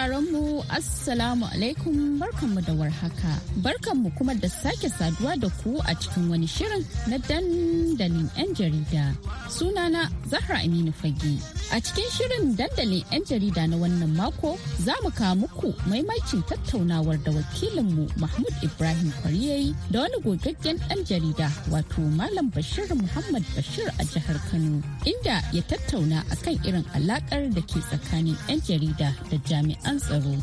sauraron mu Assalamu alaikum barkanmu da warhaka. Barkanmu kuma da sake saduwa da ku a cikin wani shirin na dandalin 'yan jarida. Sunana Zahra Aminu Fage. A cikin shirin dandalin 'yan jarida na wannan mako za mu kawo muku maimakin tattaunawar da wakilinmu Mahmud Ibrahim Kwariyayi da wani gogaggen yan jarida wato Malam Bashir Muhammad Bashir a jihar Kano inda ya tattauna akan irin alakar da ke tsakanin 'yan jarida da jami'an an tsaro.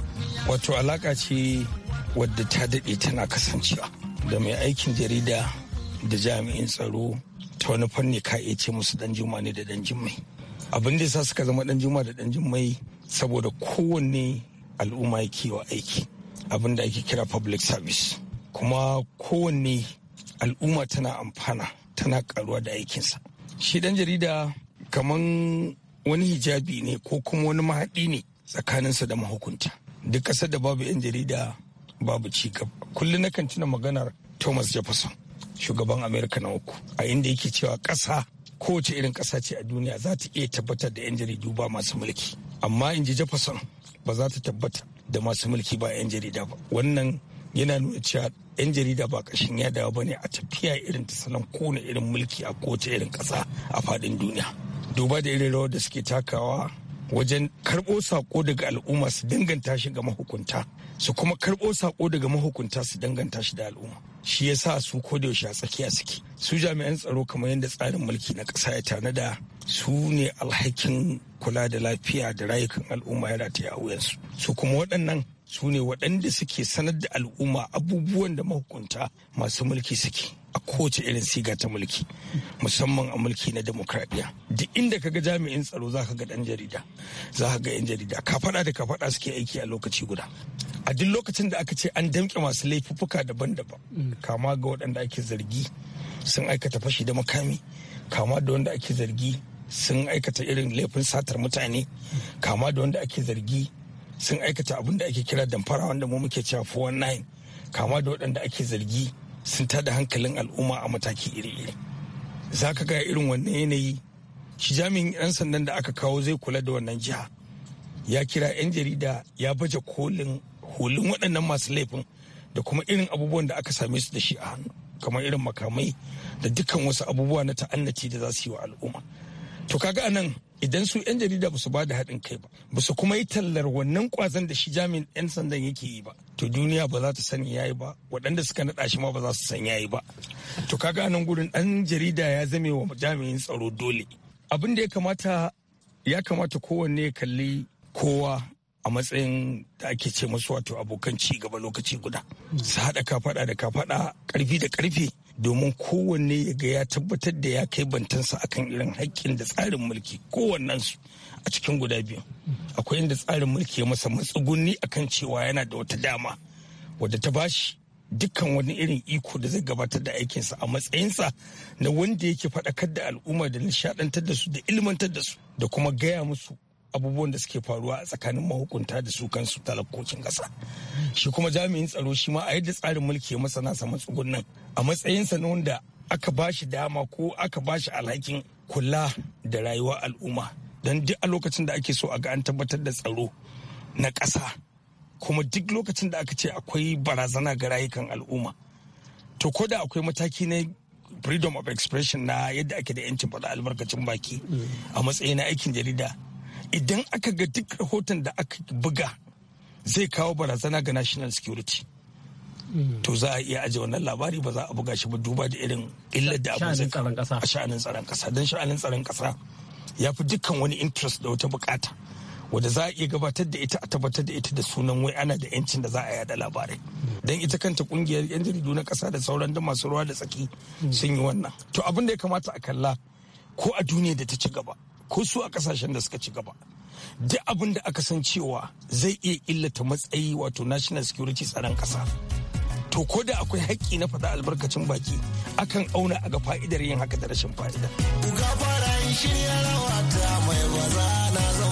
Wato alaka ce wadda ta daɗe tana kasancewa da mai aikin jarida da jami'in tsaro ta wani fanni ka iya ce musu dan juma ne da dan jimmai. Abin da sa suka zama dan juma da dan jimmai saboda kowanne al'umma yake wa aiki abin da ake kira public service kuma kowanne al'umma tana amfana tana karuwa da aikinsa. Shi dan jarida kaman wani hijabi ne ko kuma wani mahaɗi ne tsakanin tsakaninsa da mahukunta duk ƙasar da babu 'yan jarida babu ci gaba kullum nakan tuna maganar thomas jefferson shugaban amerika na uku a inda yake cewa ƙasa kowace irin ƙasa ce a duniya za ta iya tabbatar da 'yan jaridu ba masu mulki amma in ji jefferson ba za ta tabbata da masu mulki ba 'yan jarida ba wannan yana nuna cewa 'yan jarida ba kashin ya dawo ba ne a tafiya irin ta salon kowane irin mulki a kowace irin ƙasa a faɗin duniya duba da irin rawar da suke takawa wajen karɓo sako daga al'umma su danganta shi ga mahukunta su kuma karɓo sako daga mahukunta su danganta shi da al'umma shi ya sa su yaushe a tsakiya suke su jami'an tsaro kamar yadda tsarin mulki na ƙasa ya tanada su ne alhakin kula da lafiya da rayukan al'umma ya rataya a wuyansu su kuma waɗannan su ne waɗanda suke sanar da al'umma abubuwan da mahukunta masu mulki suke a kowace irin siga ta mulki musamman a mulki na demokradiyya duk inda ka ga jami'in tsaro za ka ga dan jarida za ka ga yan jarida ka faɗa da ka faɗa suke aiki a lokaci guda a duk lokacin da aka ce an damƙe masu laifuffuka daban-daban kama ga waɗanda ake zargi sun aikata fashi da makami kama da wanda ake zargi sun aikata irin laifin satar mutane kama da wanda ake zargi sun aikata abin da ake kira damfara wanda mu muke cewa 419 kama da waɗanda ake zargi sun tada hankalin al'umma a mataki iri-iri za ka ga irin wannan yanayi shi jami'in 'yan sandan da aka kawo zai kula da wannan jiha ya kira 'yan jarida ya baje kolin hulun waɗannan masu laifin da kuma irin abubuwan da aka same su da shi a hannu kamar irin makamai da dukkan wasu abubuwa na ta'annaci da za su yi wa al'umma to kaga anan idan su 'yan jarida ba su ba da haɗin kai ba ba su kuma yi tallar wannan kwazon da shi jami'in 'yan sandan yake yi ba to duniya ba za ta sani yayi ba waɗanda suka naɗa shi ma ba za su san yayi ba to kaga nan gurin ɗan jarida ya zame wa jami'in tsaro dole abin da ya kamata ya kamata kowanne ya kalli kowa a matsayin da ake ce musu wato abokan ci gaba lokaci guda su haɗa kafaɗa da kafaɗa ƙarfi da ƙarfi domin kowanne ya ga ya tabbatar da ya kai bantansa akan irin haƙƙin da tsarin mulki kowannensu a cikin guda biyu akwai inda tsarin mulki ya masa matsugunni akan cewa yana da wata dama wadda ta bashi dukkan wani irin iko da zai gabatar da aikinsa a matsayinsa na wanda yake faɗakar da al'umma da nishaɗantar da su da ilmantar da su da kuma gaya musu abubuwan da suke faruwa a tsakanin mahukunta da su kansu talakocin ƙasa shi kuma jami'in tsaro shi ma a yadda tsarin mulki ya masana sa matsugunan a matsayinsa na wanda aka ba shi dama ko aka bashi alhakin kula da rayuwar al'umma don duk a lokacin da ake so a ga an tabbatar da tsaro na ƙasa kuma duk lokacin da aka ce akwai barazana ga rayukan al'umma to ko da akwai mataki na freedom of expression na yadda ake da yancin faɗa albarkacin baki a matsayin aikin jarida idan aka ga duk rahoton da aka buga zai kawo barazana ga national security to za a iya aje wannan labari ba za a buga shi ba duba da irin illar da abin zai a sha'anin tsaron kasa don sha'anin tsaron kasa ya fi dukkan wani interest da wata bukata wadda za a iya gabatar da ita a tabbatar da ita da sunan wai ana da yancin da za a yada labarai don ita kanta kungiyar yan jaridu na kasa da sauran da masu ruwa da tsaki sun yi wannan to abin da ya kamata a kalla ko a duniya da ta ci gaba ko su a kasashen da suka ci gaba duk abin da aka san cewa zai iya illata matsayi wato national security tsaron kasa to ko da akwai haƙƙi na faɗa albarkacin baki akan auna a ga fa'idar yin haka da rashin fa'ida. in shirya rawa ta mai na zo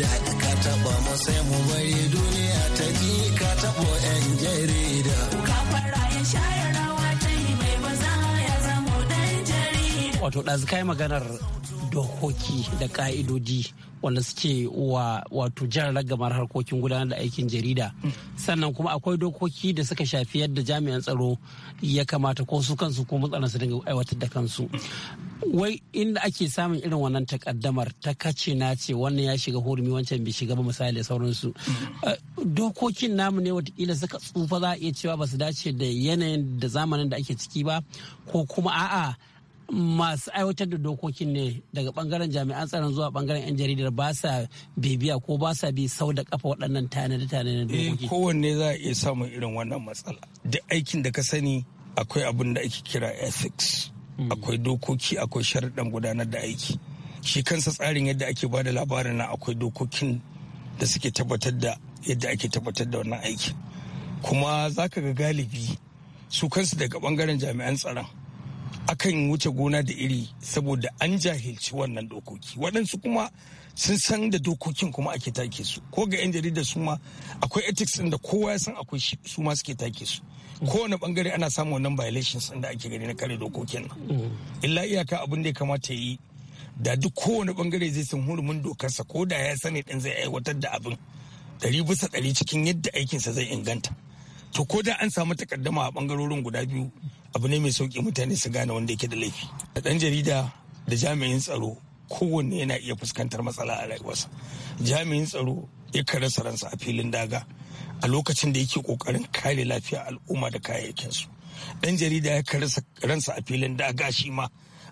jarida ka taɓa mu sai mu bari duniya ta ji ka taɓa 'yan jarida. Ka fara ya rawa ta yi mai maza ya zama dan jarida. Wato ɗazu kai maganar dokoki da ka'idodi wanda suke wa wato jan ragamar harkokin gudanar da aikin jarida sannan kuma akwai dokoki da suka shafi yadda jami'an tsaro ya kamata ko su kansu ko matsalar su dinga aiwatar da kansu wai inda ake samun irin wannan takaddamar ta kace na ce wannan ya shiga hurumi wancan bai shiga ba misali da sauransu eh, dokokin namu ne watakila suka tsufa za a iya cewa ba su dace da yanayin da zamanin da ake ciki ba ko kuma a'a masu aiwatar da dokokin ne daga bangaren jami'an tsaron zuwa bangaren 'yan jaridar ba sa bibiya ko ba sa bi sau da kafa waɗannan tanade-tanade eh, dokoki. kowanne za a iya samun irin wannan matsala duk aikin da ka sani akwai abin da ake kira ethics hmm. akwai dokoki akwai sharaɗan gudanar da aiki shi kansa tsarin yadda ake ba da labarin na akwai dokokin da suke tabbatar da yadda ake tabbatar da wannan aiki kuma za ka ga galibi su kansu daga bangaren jami'an tsaron akan wuce gona da iri saboda an jahilci wannan dokoki waɗansu kuma sun san da dokokin kuma ake take su ko ga 'yan jarida su ma akwai ethics ɗin da kowa ya san akwai shi su ma suke take su kowane bangare ana samun wannan violations ɗin da ake gani na kare dokokin nan mm. illa iyaka abin da ya kamata ya yi da duk kowane bangare zai san hurumin dokarsa ko da ya sani ɗin zai aiwatar da abin ɗari bisa ɗari cikin yadda aikinsa zai inganta to ko da an samu takaddama a bangarorin guda biyu abu ne mai sauki mutane su gane wanda yake da laifi da dan jarida da jami'in tsaro kowanne yana iya fuskantar matsala a rayuwarsa jami'in tsaro ya rasa ransa a filin daga a lokacin da yake kokarin kare lafiya al'umma da kayayyakinsu dan jarida ya rasa ransa a filin daga shi ma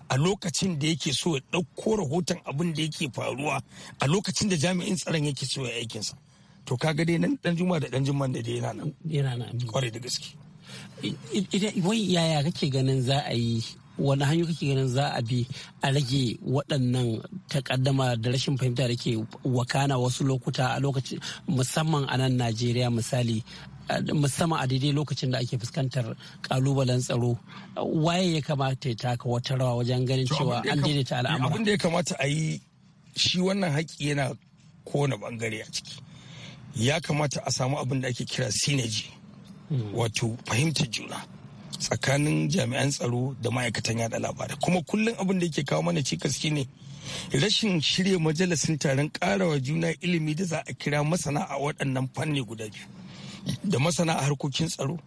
a lokacin da yake so ya ɗauko rahoton abin da yake faruwa a lokacin da jami'in tsaron yake so ya aikinsa to kaga dai nan dan juma da dan jimman da dai yana nan yana nan kwarai da gaske Idan wai yaya kake ganin za a yi wani hanyo kake ganin za a bi a rage waɗannan takaddama da rashin fahimta da ke wakana wasu lokuta a lokacin musamman a nan najeriya misali musamman a daidai lokacin da ake fuskantar kalubalen tsaro waye ya kamata ya taka wata rawa wajen ganin cewa an daidaita al'amura abin da ya kamata a yi shi wannan haƙƙi yana kowane bangare a ciki ya kamata a samu abin da ake kira sinaji hmm. wato fahimtar juna tsakanin jami'an tsaro da ma'aikatan yada labarai kuma kullum abin da yake kawo mana cikas ne rashin shirya majalisun taron karawa juna ilimi da za a kira masana a waɗannan fanni guda biyu da masana a harkokin tsaro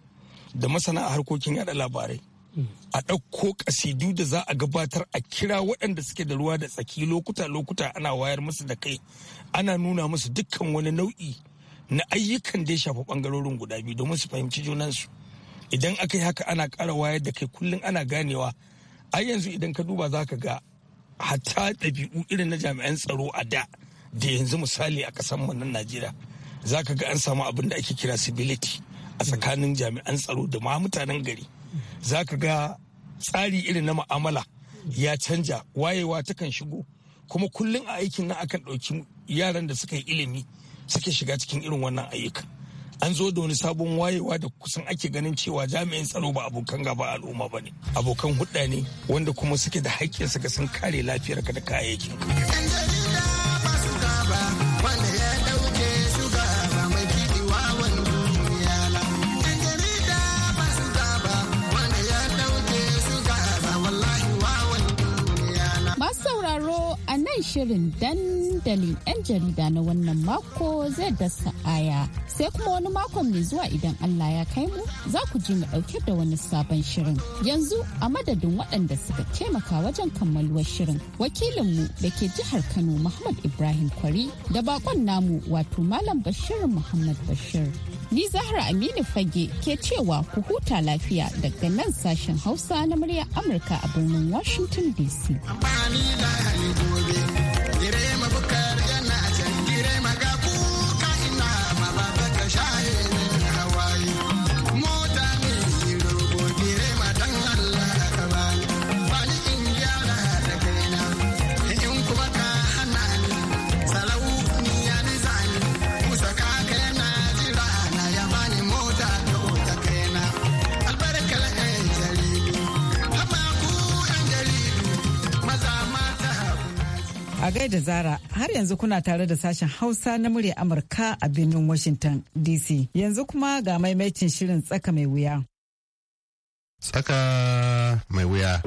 da masana a harkokin yada labarai hmm. a ɗauko ƙasidu da za a gabatar a kira waɗanda suke da ruwa da tsaki lokuta-lokuta ana wayar musu da kai ana nuna musu dukkan wani nau'i na ayyukan da ya shafi bangarorin guda biyu domin su fahimci junansu idan aka yi haka ana kara wayar da kai kullum ana ganewa ai yanzu idan ka duba za ka ga hatta ɗabi'u irin na jami'an tsaro a da da yanzu misali a ƙasar mu nan Najeriya za ka ga an samu abin da ake kira civility a tsakanin jami'an tsaro da ma mutanen gari za ka ga tsari irin na ma'amala ya canja wayewa takan shigo kuma kullum a aikin nan akan ɗauki yaran da suka yi ilimi suke shiga cikin irin wannan ayyuka an zo da wani sabon wayewa da kusan ake ganin cewa jami'in tsaro ba abokan gaba al'umma ba ne abokan hudda ne wanda kuma suke da haƙƙin suka sun kare lafiyar lafiyarka da kayayyakin Masu sauraro a nan shirin dan dandalin 'yan jarida na wannan mako zai dasa aya. Sai kuma wani makon mai zuwa idan Allah ya kai mu za ku ji mu ɗauke da wani sabon shirin. Yanzu a madadin waɗanda suka taimaka wajen kammaluwar shirin wakilinmu da ke jihar Kano Muhammad Ibrahim Kwari da bakon namu wato Malam Bashir Muhammad Bashir. Ni Zahra Aminu Fage ke cewa ku huta lafiya daga nan sashen Hausa na muryar Amurka a birnin Washington DC. a gaida zara har yanzu kuna tare da sashen hausa na murya amurka a birnin washington dc yanzu kuma ga maimaitin shirin tsaka mai wuya tsaka mai wuya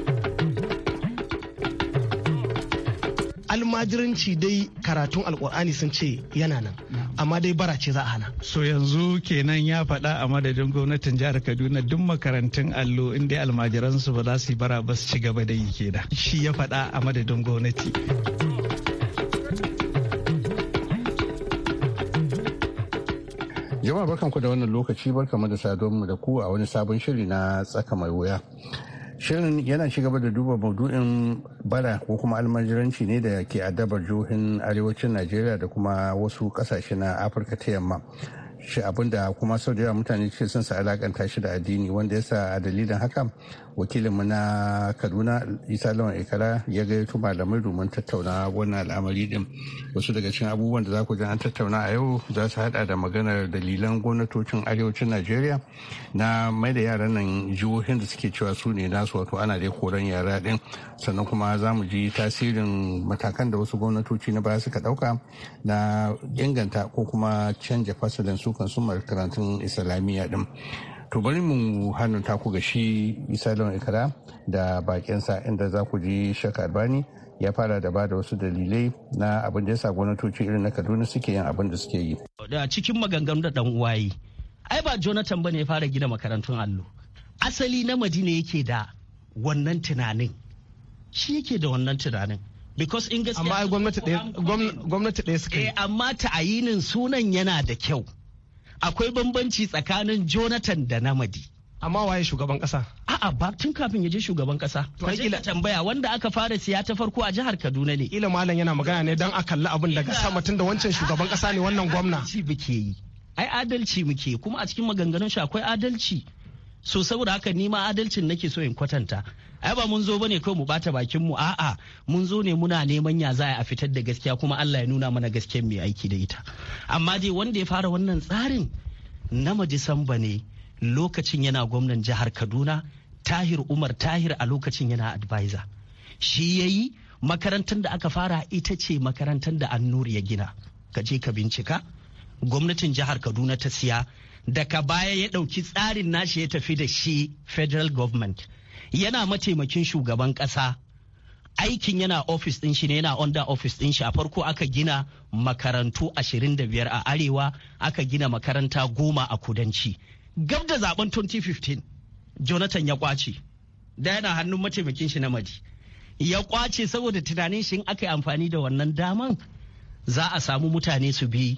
almajiranci dai karatun alkur'ani sun ce yana nan amma dai bara ce za a hana. So yanzu kenan ya faɗa a madadin gwamnatin jihar Kaduna duk makarantun allo inda almajiransu ba za su yi bara ba su ci gaba da yi kenan. Shi ya faɗa a madadin gwamnati. Jama'a barkanku da wannan lokaci barkanmu da mu da ku a wani sabon shiri na tsaka mai wuya. Shirin yana ci da duba maudu'in bara ko kuma almajiranci ne da ke adabar jihohin arewacin Najeriya da kuma wasu kasashe na Afirka ta yamma. shi da kuma sau da yawa mutane ce sun sa alakanta shi da addini wanda ya sa a dalilin haka wakilinmu na kaduna isa lawan ikara ya gayyato malamai domin tattauna wannan al'amari din wasu daga cikin abubuwan da za ku ji an tattauna a yau za su hada da maganar dalilan gwamnatocin arewacin najeriya na mai da yaran nan jihohin da suke cewa su ne nasu wato ana dai koran yara din sannan kuma za mu ji tasirin matakan da wasu gwamnatoci na baya suka dauka na inganta ko kuma canja fasalin su kwansumar karatun islamiyya din to bari mu hannun taku ga shi isa da ikara da bakinsa inda za ku ji shaka albani ya fara da bada wasu dalilai na abin da ya sa gwamnatoci irin na kaduna suke yin abin da suke yi da cikin maganganu da dan uwaye ai ba jonathan bane ya fara gina makarantun allo asali na madina yake da wannan tunanin shi yake da wannan tunanin because in gaskiya amma gwamnati ɗaya suka yi eh, amma ta'ayinin sunan yana da kyau akwai bambanci tsakanin jonathan da namadi amma waye shugaban kasa a'a ba tun kafin ya je shugaban kasa kila tambaya wanda aka fara siya ta farko a jihar kaduna ne ila malam yana magana ne dan a kalli abin daga sama tunda wancan shugaban kasa ne wannan gwamna muke yi ai adalci muke kuma a cikin maganganun shi akwai adalci so saboda haka ni ma adalcin nake so in kwatanta ai ba mun zo ba ne kawai mu bata bakin mu a'a mun zo ne muna neman ya za a fitar da gaskiya kuma Allah ya nuna mana gaskiyar mai aiki da ita amma dai wanda ya fara wannan tsarin na Disamba ne lokacin yana gwamnan jihar Kaduna Tahir Umar Tahir a lokacin yana advisor shi yayi makarantar da aka fara ita ce makarantar da Annur ya gina ka je ka bincika gwamnatin jihar Kaduna ta siya daga baya ya ɗauki tsarin nashi ya tafi da shi federal government yana mataimakin shugaban ƙasa aikin yana ofis ɗin shi ne yana under ofis ɗin shi a farko aka gina makarantu 25 a arewa aka gina makaranta goma a kudanci gab da zaben 2015 jonathan ya kwace da yana hannun mataimakin shi na madi ya kwace saboda tunanin shi aka yi amfani da wannan daman za a samu mutane su bi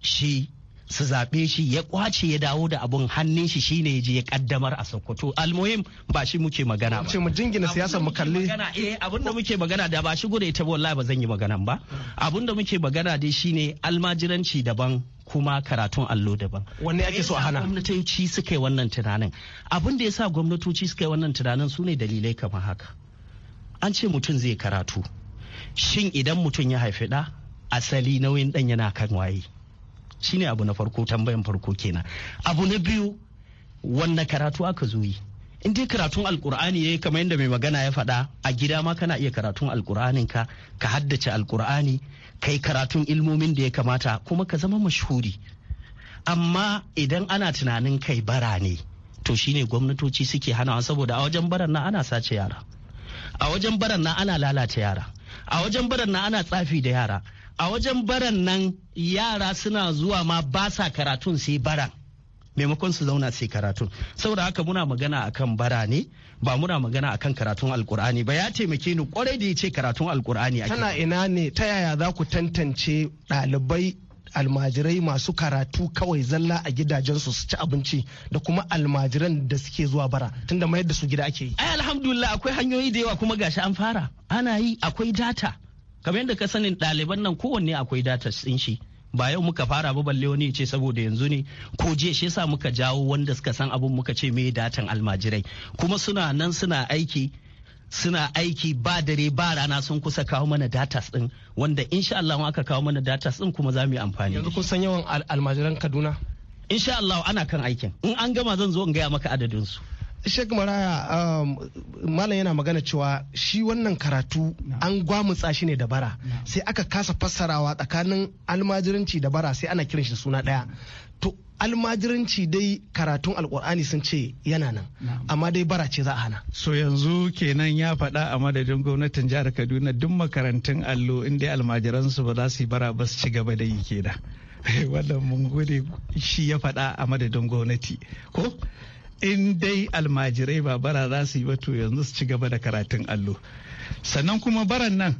shi su zaɓe shi ya kwace ya dawo da abun hannun shi shine ya je ya kaddamar a Sokoto almuhim ba shi muke magana ba mu jingina siyasar mu kalli eh, Abun da muke magana da ba shi gure ita wallahi ba zan yi maganan ba da muke magana dai shine almajiranci daban kuma karatun allo daban. Wanne ake so a hana? Gwamnatoci suka yi wannan tunanin. Abin da ya sa gwamnatoci suka yi wannan tunanin su ne dalilai kamar haka. An ce mutum zai karatu. Shin idan mutum ya haifi ɗa, asali nauyin ɗan yana kan waye. shine abu na farko tambayan farko kenan abu na biyu wanne karatu aka zo yi in dai karatun alkur'ani ya yi kamar yadda mai magana ya faɗa a gida ma kana iya karatun alkur'anin ka ka haddace alkur'ani kai karatun ilmomin da ya kamata kuma ka zama mashhuri amma idan ana tunanin kai bara ne to shine gwamnatoci suke hanawa saboda a wajen baran nan ana sace yara a wajen baran nan ana lalata yara a wajen baran nan ana tsafi da yara a wajen baran nan yara suna zuwa ma ba sa karatun sai baran maimakon su zauna sai karatun saboda haka muna magana akan bara ne ba muna magana akan karatun alkur'ani ba ya taimake ni kwarai da ya ce karatun alkur'ani tana ina ne ta yaya za ku tantance ɗalibai almajirai masu karatu kawai zalla a gidajensu su ci abinci da kuma almajiran da suke zuwa bara tunda mayar da su gida ake yi ai alhamdulillah akwai hanyoyi da yawa kuma gashi an fara ana yi akwai data kamar yadda ka sanin ɗaliban nan kowanne akwai data ɗin shi ba yau muka fara ba balle wani ce saboda yanzu ne ko je shi yasa muka jawo wanda suka san abun muka ce me datan almajirai kuma suna nan suna aiki suna aiki ba dare ba rana sun kusa kawo mana data din wanda insha Allah aka kawo mana data din kuma za mu yi amfani yanzu kun san yawan almajiran Kaduna insha Allah ana kan aikin in an gama zan zo in gaya maka adadin su Sheikh Maraya um, Malam yana magana cewa shi wannan karatu an gwamutsa shi ne da bara sai aka kasa fassarawa tsakanin almajiranci da bara sai ana kiran shi suna ɗaya. To almajiranci dai karatun alkur'ani sun ce yana nan amma dai bara ce za a hana so yanzu kenan ya faɗa a madadin gwamnatin jihar kaduna duk makarantun allo inda almajiransu ba za su yi bara ba su ci gaba da yi kenan wannan mun gode shi ya faɗa a madadin gwamnati ko in dai almajirai ba bara za su yi ba yanzu su ci gaba da karatun allo sannan kuma baran nan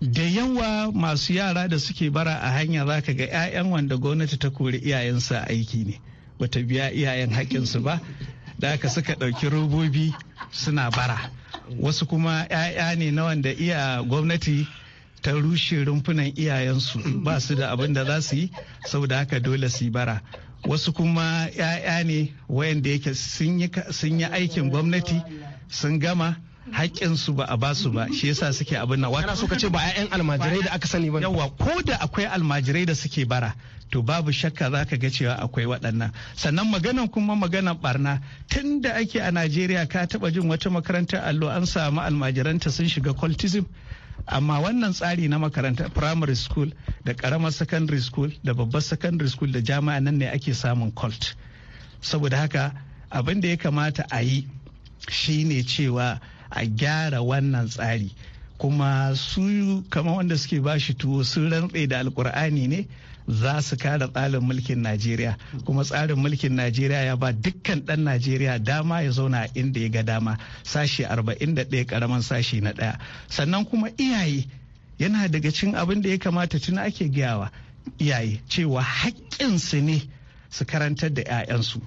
da yawa masu yara da suke bara a hanya za ka ga 'ya'yan wanda gwamnati ta kori iyayensa aiki ne bata biya iyayen haƙƙinsu ba da aka suka ɗauki robobi suna bara wasu kuma 'ya'ya ne na wanda iya gwamnati ta rushe rumfunan iyayensu ba su da abin da za su yi saboda haka dole su yi bara wasu kuma 'ya'ya ne wayanda yake sun yi aikin gwamnati sun gama haƙƙinsu ba a basu ba shi yasa suke abin na. wata so ka ce ba ƴaƴan almajirai da aka sani ba yawa ko da akwai almajirai da suke bara to babu shakka za ka ga cewa akwai waɗannan sannan maganan kuma maganan barna tun da ake a najeriya ka taɓa jin wata makarantar allo an samu almajiranta sun shiga cultism amma wannan tsari na makaranta primary school da karamar secondary school da babbar secondary school da jami'a nan ne ake samun cult saboda haka abin da ya kamata a yi shine cewa a gyara wannan tsari kuma su kama wanda suke bashi tuwo sun rantse da alkur'ani ne za su kare tsarin mulkin najeriya kuma tsarin mulkin najeriya ya ba dukkan ɗan najeriya dama ya zauna inda ya ga dama sashi 41 karaman sashi na ɗaya sannan kuma iyaye yana daga cin abin da ya kamata tuna ake gyawa iyaye cewa haƙƙinsu ne su karantar da 'ya'yansu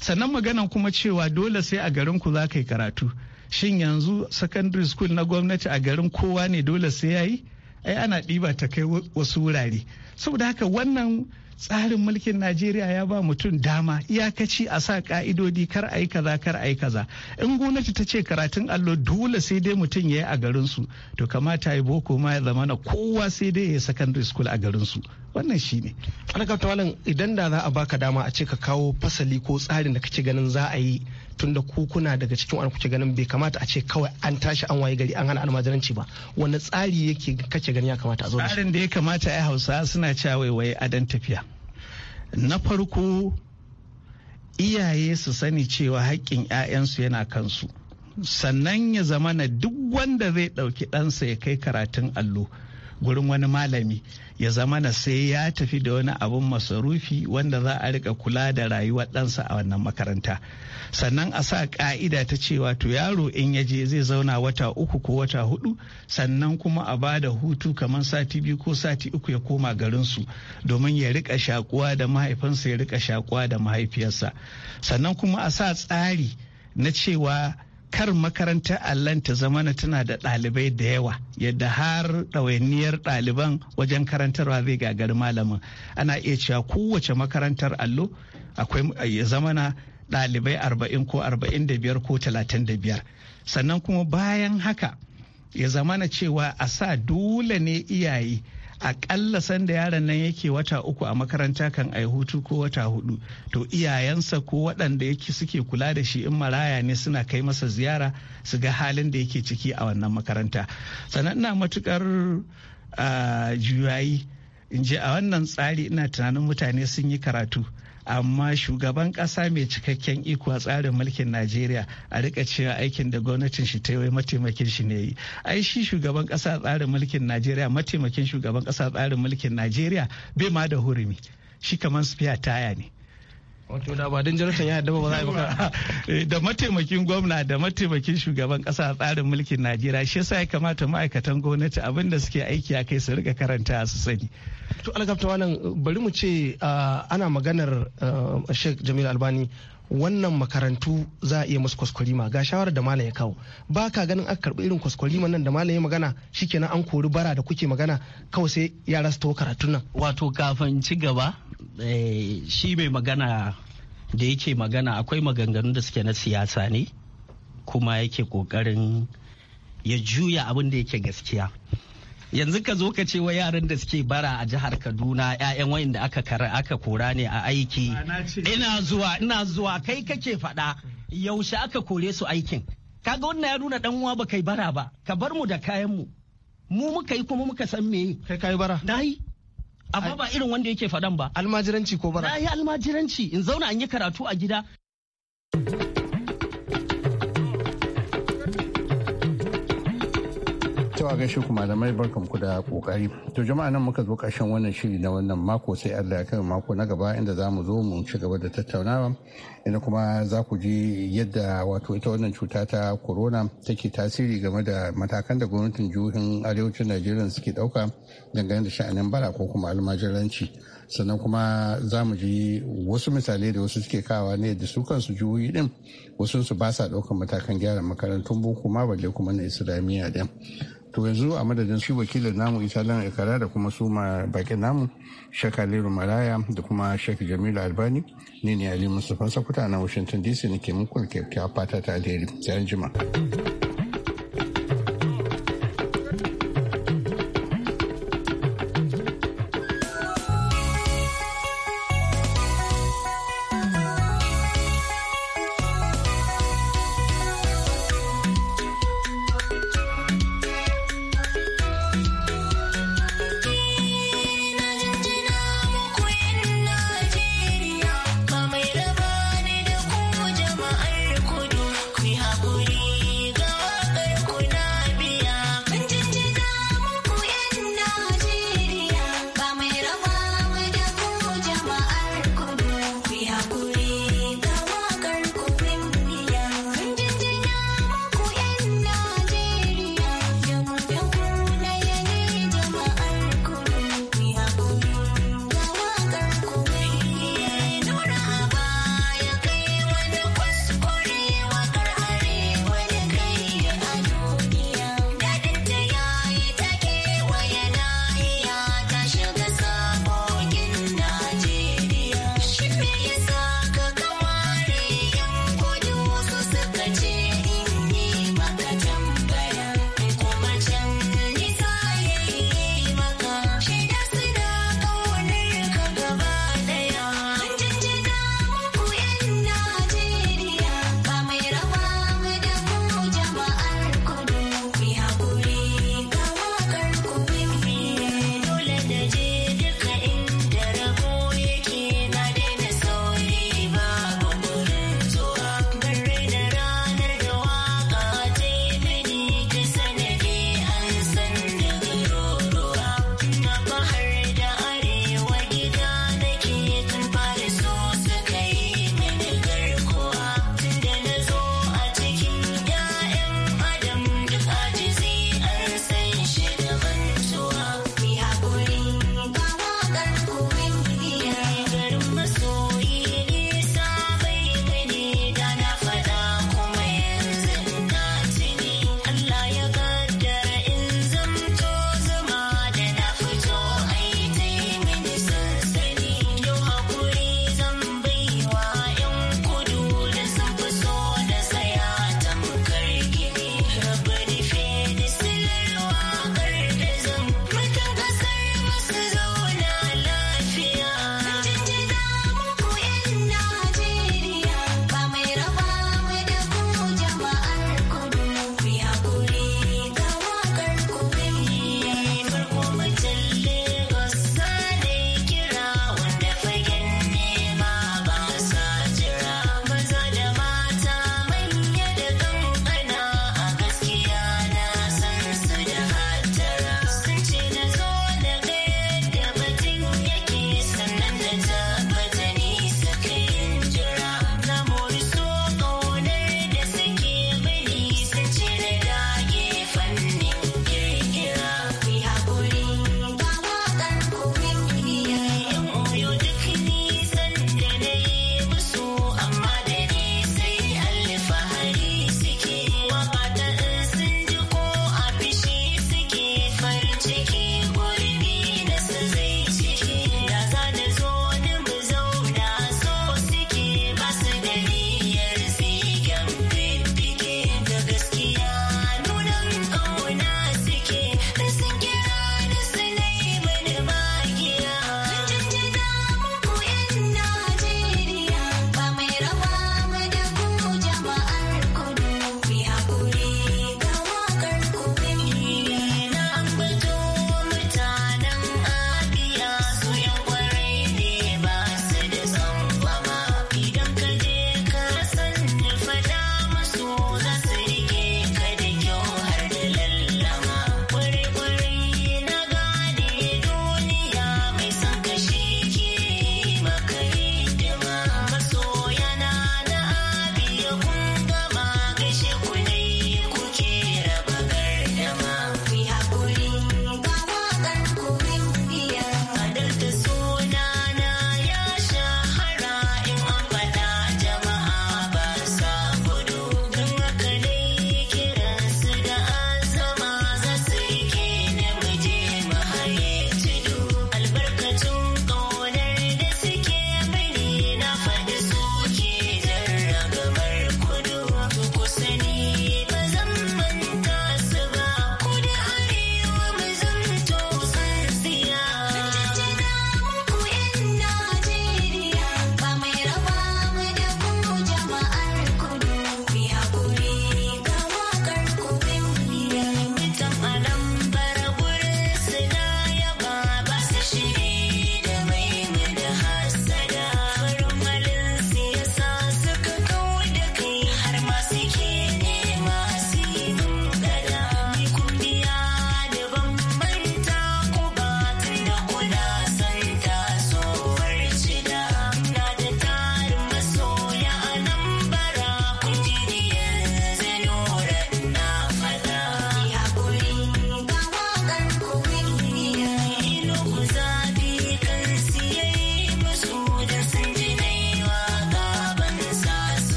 sannan maganan kuma cewa dole sai a garin ku za ka yi karatu shin yanzu secondary school na gwamnati a garin kowa ne dole sai ya yi ai ana ɗiba ta kai wasu wurare saboda haka wannan tsarin mulkin najeriya ya ba mutum dama iyakaci a sa ka'idodi kar a yi kaza kar a yi kaza in gwamnati ta ce karatun allo dole sai dai mutum ya yi a garinsu to kamata ya boko ma ya zama na kowa sai dai ya yi secondary school a garinsu wannan shi ne wannan idan da za a baka dama a ce ka kawo fasali ko tsarin da kake ganin za a yi tun da kuna daga cikin wani kuke ganin bai kamata a ce kawai an tashi an waye gari an hana almajiranci ba wanda tsari yake kake ganin ya kamata a zo tsarin da ya kamata ya hausa suna cewa a adan tafiya na farko iyaye su sani cewa haƙƙin 'ya'yansu yana kansu sannan ya zamana duk wanda zai ɗauki ɗansa ya kai karatun allo gurin wani malami ya zama na sai ya tafi da wani abun masarufi wanda za a rika kula da rayuwar ɗansa a wannan makaranta sannan a sa ka'ida ta cewa to yaro in ya je zai zauna wata uku ko wata hudu sannan kuma a ba da hutu kamar sati biyu ko sati uku ya koma garinsu domin ya rika shakuwa da mahaifinsa ya rika shakuwa da mahaifiyarsa sannan kuma a sa tsari na cewa kar makarantar allan ta zamana tana da ɗalibai da yawa yadda har ɗawainiyar ɗaliban wajen karantarwa zai gagari malamin ana iya cewa kowace makarantar allo akwai ya zamana ɗalibai arba'in ko arba'in da biyar ko talatin da biyar sannan kuma bayan haka ya zamana cewa a sa dole ne iyaye akalla sanda yaron nan yake wata uku a makaranta kan ai hutu ko wata hudu to iyayensa ko waɗanda yake suke kula da shi in maraya ne suna kai masa ziyara su ga halin da yake ciki a wannan makaranta sannan ina matukar ah, juyayi in je a wannan tsari ina tunanin mutane sun yi karatu amma shugaban kasa mai cikakken iko a tsarin mulkin najeriya a rika cewa aikin da gwamnatin shi ta yi mataimakin shi ne yi ai shi shugaban kasa tsarin mulkin najeriya mataimakin shugaban kasa tsarin mulkin najeriya bai ma da hurumi shi kamar spiya taya ne wato da ba don jonathan ya haddaba ba za a yi da mataimakin gwamna da mataimakin shugaban kasa a tsarin mulkin najeriya shi yasa ya kamata ma'aikatan gwamnati abin da suke aiki a kai su rika karanta su sani to algafta wannan bari mu ce ah, ana maganar ah, sheikh jamil albani wannan makarantu za a iya musu kwaskwarima ga shawarar da malam ya kawo ba ka ganin aka karɓi irin kwaskwarima nan da malam ya magana shikenan an kori bara da kuke magana kawai sai ya rasta taho karatun nan wato kafin ci gaba eh, shi mai magana da yake magana akwai maganganun da suke na siyasa ne kuma yake kokarin ya juya abin da yake gaskiya yanzu ka zo ka ce wa yaran da suke bara a jihar Kaduna ƴaƴan da aka kara aka kora ne a aiki ina zuwa ina zuwa kai kake faɗa yaushe aka kore su aikin kaga wannan ya nuna dan uwa baka bara ba ka bar mu da kayan mu mu muka yi kuma muka san me kai kai bara na yi amma ba irin wanda yake faɗan ba almajiranci ko bara na yi almajiranci in zauna an yi karatu a gida shi gaishe da malamai barkan ku da kokari. To jama'a nan muka zo kashin wannan shiri na wannan mako sai Allah ya kai mako na gaba inda za mu zo mu ci gaba da tattaunawa inda kuma za ku ji yadda wato ita wannan cuta ta corona take tasiri game da matakan da gwamnatin jihohin arewacin Najeriya suke dauka dangane da sha'anin bara ko kuma almajiranci. sannan kuma za mu ji wasu misalai da wasu suke kawa ne da su kansu jihohi din wasu su ba sa daukan matakan gyara makarantun boko ma balle kuma na islamiyya din to yanzu a madadin su wakilin namu isa lan ikara da kuma su ma bakin namu shaka liru maraya da kuma shek jamilu albani ne ne ali mustapha sakuta na washington dc ne nake muku kyakkyawa fata ta alheri sai